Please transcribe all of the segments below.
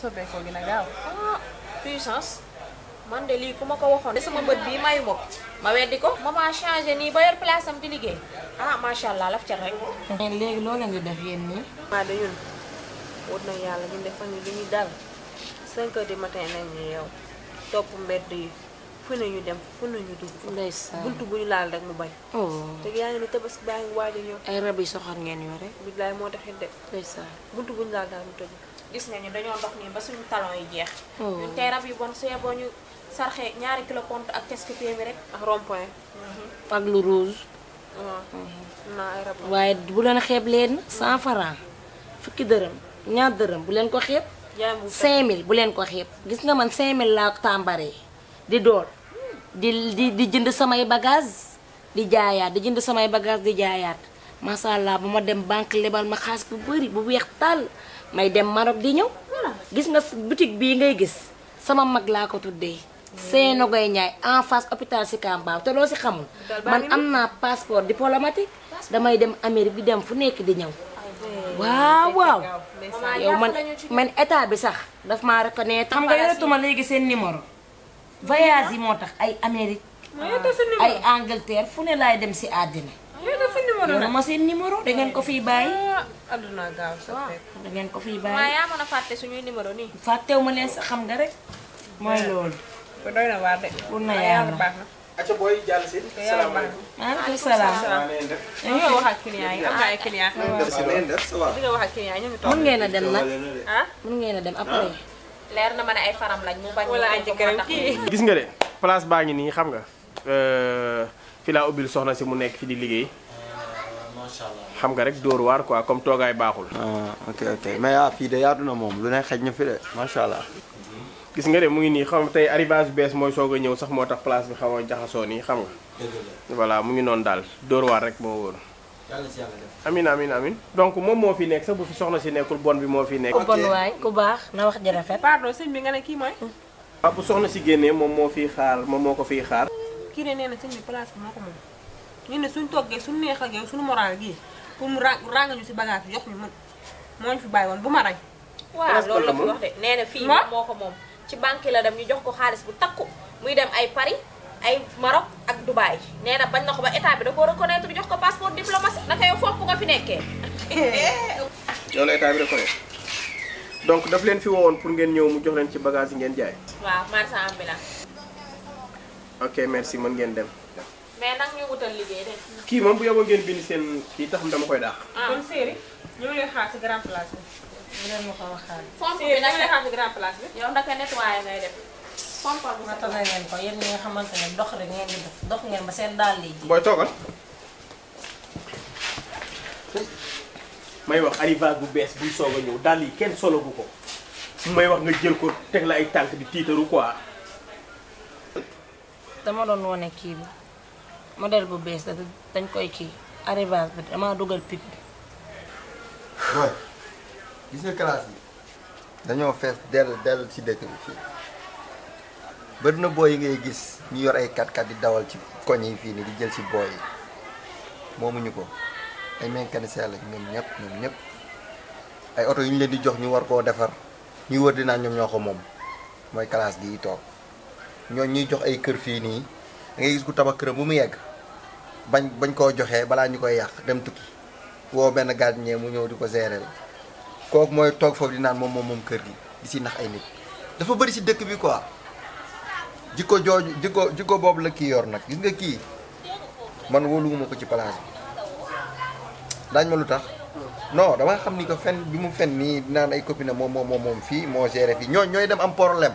soobee koo gën ah pisas man de ko waxoon de sama bët bii mayu ma ko ma ko mama ah macha allah laf ca rek léegi loolu ngi def yéen nii maa de na dal 5 heures du matin nañ ñu yow topp dem buntu bu ñu laal rek mu bañ te yaa ngi ni tabaski baa ngi ay rab yi de buntu bu ñu laal gis nañu dañoo ndox nii ba suñu talon yi jeex. Oh. tey rab yu bon see boo ñu sarxee ñaari kilo compte ak casque téeméer rek. ak rond mm-hmm. ak lu rouge. Mm-hmm. waaye bu leen xeeb leen 100 francs fukki dërëm ñaar dërëm bu leen ko xeeb. 5000 bu leen ko xeeb. gis nga man 5000 laa tàmbaree di door di di di jënd samay bagage di jaayaat di jënd samay bagage di jaayaat macha allah bu ma dem banque lebal ma xaalis bu bëri bu weex tàll. may dem Maroc di ñëw gis nga boutique bii ngay gis sama mag laa ko tuddee Sénogoy Ndiaye en face hôpital si Kambaaw te loo si xamul man am naa di diplomatique damay dem Amérique bi dem fu nekk di ñëw ah, waaw waaw yow man man état bi sax daf maa reconnaître xam nga yoretuma léegi seen numéro voyage yi moo tax ay Amérique ah, ay fu ne laay dem si àddina ah, yoruma seen numéro da ko fiy bàyyi aduna gaaw soppeeku da ngeen ko fi baye waaye yaa mën a fàtte suñuy numéro nii ma leen xam nga rek moy lool ko doyna wa dé de baax na acca salam si salaamaaleykum maaleykum salam ñu wax ak client yi am ay client di ñu wax ak client yi ñu ngi mën ngeen dem mën dem après na ma ay faram lañ mu bañ wala ay jëkkëram kii gis nga de place baa ngi xam nga fi soxna mu nekk fi di xam nga rek dóor waar quoi comme toogaay baaxul. Ah, ok ok mais ah, fii de yaatu na moom lu ne xaj na fi de macha allah. gis nga de mu ngi nii xam tey arrivage bees mooy soog a ñëw sax moo tax place bi xaw a jaxasoo nii xam nga. mu ngi noonu daal dóor waar rek moo wóor. amin amin amin donc moom moo fi nekk sax bu soxna si nekkul bon bi moo fi nekk. baax na wax ji rafet. bi nga ne kii mooy. waaw ah, bu soxna si génnee moom moo fiy xaar moom moo ko fiy xaar. kii de nee na sëñ bi place bi moo ko moom ñu ne suñ toggee suñ neex ak yow suñu moral pour mu ràng ràngañu si bagage bi jox ñu mën moo ñu fi bàyyi woon bu ma rey. waaw loolu la fi wax de ma na moo ko moom ci banque la dem ñu jox ko xaalis bu takku muy dem ay Paris ay Maroc ak Dubaï nee na bañ na ko ba état bi da koo ko passeport diplomatique naka yow fopp nga fi nekkee. yow la état bi donc daf leen fi woon pour ngeen ñëw mu jox leen ci bagage yi ngeen jaay. waaw marchand ambulant. ok merci mën ngeen dem. mais nag ñu wutal liggéey de. kii moom bu yoboo ngeen bind seen kii tax taxam dama koy daax. ah kon Seri ñu ngi lay xaar si grand place bi. bu leen ma ko wax xaar. pompe bi nag ñu lay bi. yow nga xamante ne dox rek ngeen di def dox ngeen ba seen daal lay booy toogal. may wax arrivage bu bees buy soog a ñëw dàll yi kenn solo bu ko may wax nga jël ko teg la ay tànk di tiitaru quoi. dama doon wane kii bi. modèle bu bes la dañ koy ki arrivage bi dama dougal pip bi. boy gis nga classe yi dañoo fees del dell ci dekk bi fi bëri boy ngay gis ñu yor ay kat kat di dawal ci koñ yi fii nii di jël ci booy yi moomuñu ko ay mécanicien lañ ñom ñep ñom ñep ay auto yu ñu leen di jox ñu war ko defar ñu wër dina ñom ñoko mom moy mooy classe gi tok ñoo ñuy jox ay kër fi ni ngay gis ku tabax këram bu mu yegg bañ bañ koo joxee balaa ñu koy yàq dem tukki woo benn gardien mu ñëw di ko gérer kook mooy toog foofu di naan moom moom moom kër gi di si nax ay nit dafa bari si dëkk bi quoi jikko jooju jikko jikko boobu la kii yor nag gis nga kii man wóoluwuma ko ci place bi daañ ma lu tax non dama xam ni ko fen bi mu fen nii naan ay copine moom moom moom fii moo géré fii ñoo ñooy dem am problème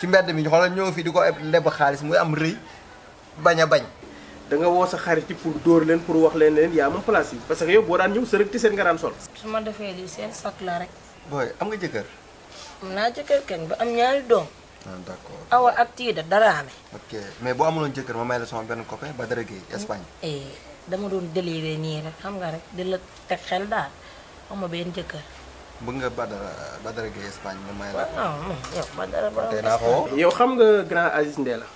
ci mbedd mi xoolal ñëw fii di ko leb xaalis muy am rëy bañ a bañ da nga wo sa xarit pour dóor len pour wax len len ya mo place parce que yow bo daan ñëw sa rek ti sen nga daan sol suma defé li sen sak la rek boy am nga jëkër am naa jëkkër kañ ba am ñaari doom ah d'accord accord awa ak da dara amé ok mais bo amulon jëkër ma may la sama ben copain ba dara géey Espagne eh dama doon délirer ni rek xam nga rek di la teg xel da amu ben jëkër bu nga Badara Badara Gueye Espagne ma may la waaw yow Badara ba tay na ko yow xam nga grand Aziz Ndela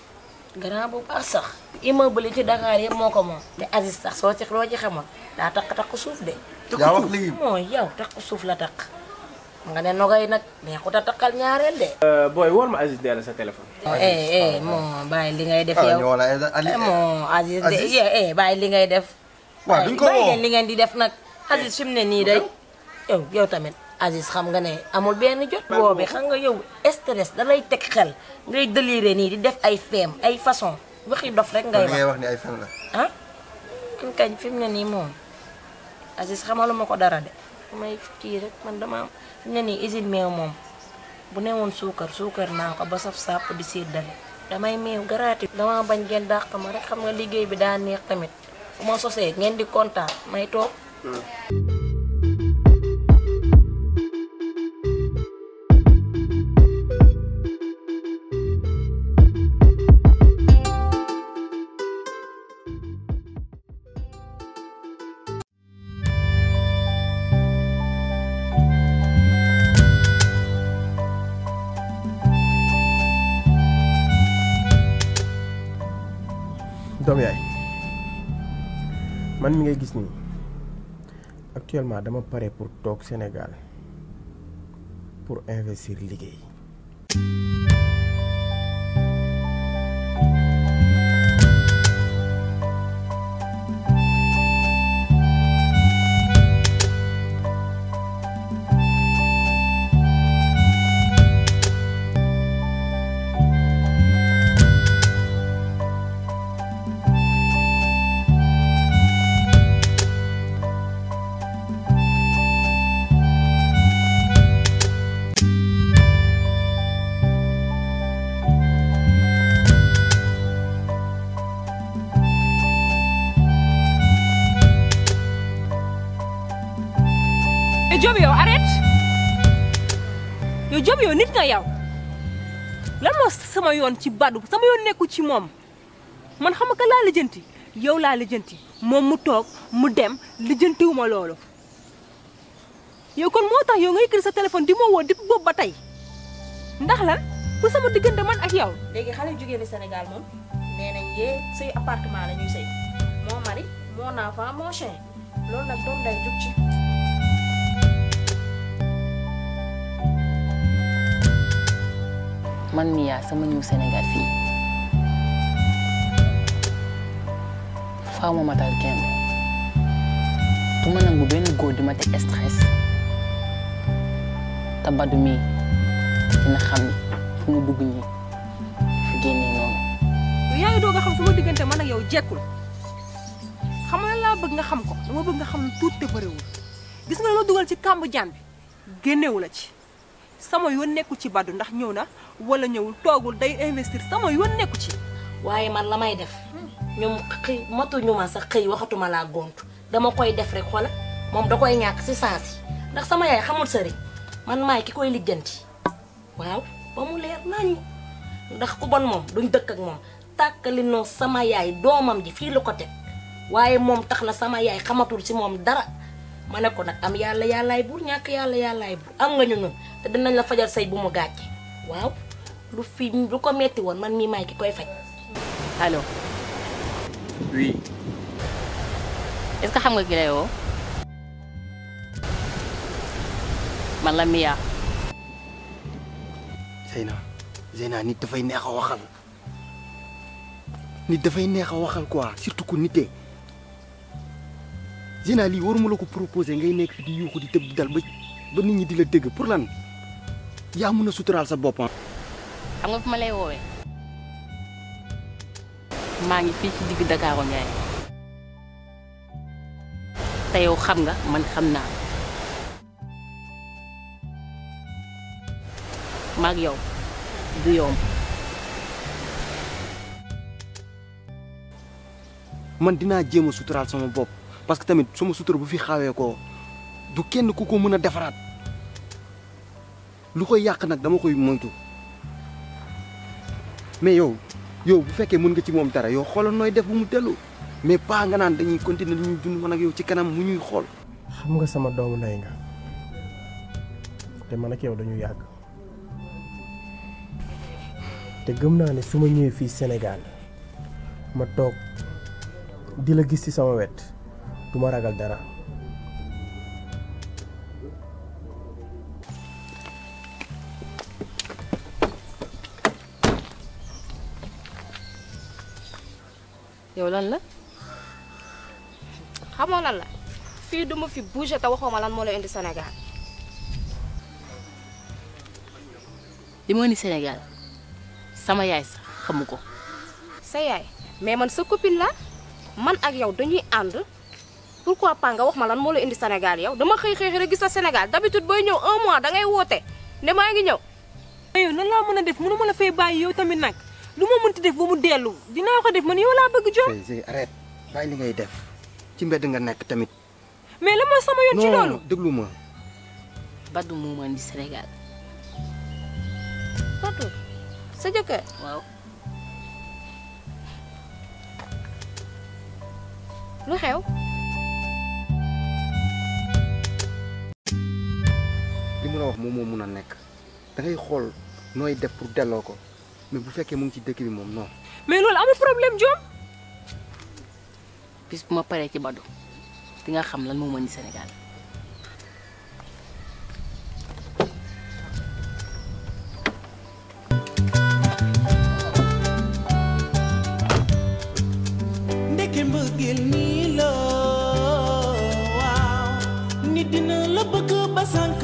grand bu baax sax immeuble ci Dakar yëpp moo ko moom te Aziz sax soo ci loo ci xamoon daa takk takk suuf de. yaa wax lii mooy takk suuf la takk. nga ne nogay nag neexut a takkal ñaareel de. Euh, booy wóor ma Aziz delloo sa téléphone. Eh, eh eh moo bàyyi li ngay def ah, yow eh, eh, moo Aziz de eh bàyyi li ngay def. waaw duñ li ngeen di def nag Aziz fi ne nii day yow yow tamit. Aziz xam nga ne amul benn jot. boobu xam nga yow stress da lay teg xel ngay déliré nii di def ay feem ay façon waxi dof rek. ngay wax wax ni ay feem la. ah kan kañ fi ne nii moom Aziz xamaluma ko dara de may kii rek man dama fi mu ne nii usine meew moom bu ne woon suukar suukar naa ko ba saf sàpp di séddale damay meew garaati. dama bañ ngeen dàq ma xam nga liggéey bi daa neex tamit bu ma sosee ngeen di kontaan may toog. Hmm. man mi ngay gis nii actuellement dama pare pour toog Sénégal pour investir liggéey yow Diop yow nit nga yow lan moo sama yoon ci Badou sama yoon nekku ci moom man xam nga laa lijjanti yow laa lijjanti moom mu toog mu dem lijjantiwuma loolu. yow kon moo tax yow ngay kër sa téléphone di ma woo depuis boobu ba tey ndax lan pour sama diggante man ak yow. léegi xale jigéen ni Sénégal moom nee nañ yee say appartement la moo mari moo naafaa moo chien loolu nag doom day jug man mi yaa sama ñëw Sénégal fii faaw ma matal kenn du ma nangu benn góor di ma teg stress te Badou mii dina xam ni fu mu dugg ñi fu génnee noonu. yaa ngi doog yow jekkul xam nga laa bëgg nga xam ko dama bëgg nga xam lu tuut te bëriwul gis nga la dugal ci kàmb jaan bi génnewu la ci. sama yoon nekku ci Badou ndax ñëw na wala ñëwul toogul day investir sama yoon nekku ci. waaye man la may def ñoom xëy matuñu ma sax xëy waxatuma laa gont dama koy def rek xoola moom da koy ñàkk si saa si ndax sama yaay xamul sëriñ man maay ki koy lijjanti waaw ba mu leer nañu ndax ku bon moom duñ dëkk ak moom tàkkali noo sama yaay doomam ji fii la ko teg waaye moom tax na sama yaay xamatul ci moom dara. ma ne ko nag am yàlla yàllaay buur ñàkk yàlla yàllaay buur am nga ñu ñun te dinañ la fajal say bu mu gàcce waaw lu fi lu ko metti woon man mii maay ki koy faj allo. xam nga ki lay woo. man la Mia. Zeyna Zeyna nit dafay neex a waxal nit dafay neex a waxal quoi surtout ku nitee. Zina lii waruma lako proposer ngay nek fi di yuxu di tëb dal ba ba nit ñi di la dégg pour lan ya mëna sutural sa bop ah. xam nga fuma lay wowe ma ngi fi ci digg dakaro ñay tay yow xam nga man xam naa. maag yow du yom man dina jema sutural sama bop parce que tamit suma sutura bu fi xawé ko du kenn ku ko mëna défarat lu koy yak nak dama koy moytu mais yow yow bu fekkee mën nga ci mom dara yow xol noy def bu mu delu mais pa nga nan dañuy continuer dañuy dund man ak yow ci kanam mu ñuy xol xam nga sama doomu nay nga te man ak yow dañu yàgg té gëm na né suma ma fi Sénégal ma tok di gis ci sama wette तुम्हारा गलदारा yow lan la xamoo lan la fi bouger te lan la sama yaay sax sa yaay mais man sa copine la man pourquoi pas nga wax ma lan mo lay indi senegal yow dama xey xey rek gis la Sénégal d'habitude boy ñew un mois da ngay woté né ma ngi ñew yow nan la mëna def mënu mëna fay bay yow tamit nak lu ma mënti def bu mu dellu dina ko def man yow la bëgg jom. Zé arrête bay li ngay def ci mbéd nga nek tamit. mais la mo sama yoon ci lolu non déglu ma. Badou moo ma indi senegal badu sa jëkke waaw. lu xew. mën moom moo mun a nekk da xool nooy def pour delloo ko mais bu fekkee mu ngi ci dëkk bi moom non. mais loolu amul problème Diome. bis bu ma paree ci Badou di nga xam lan moo mën di Sénégal. Sank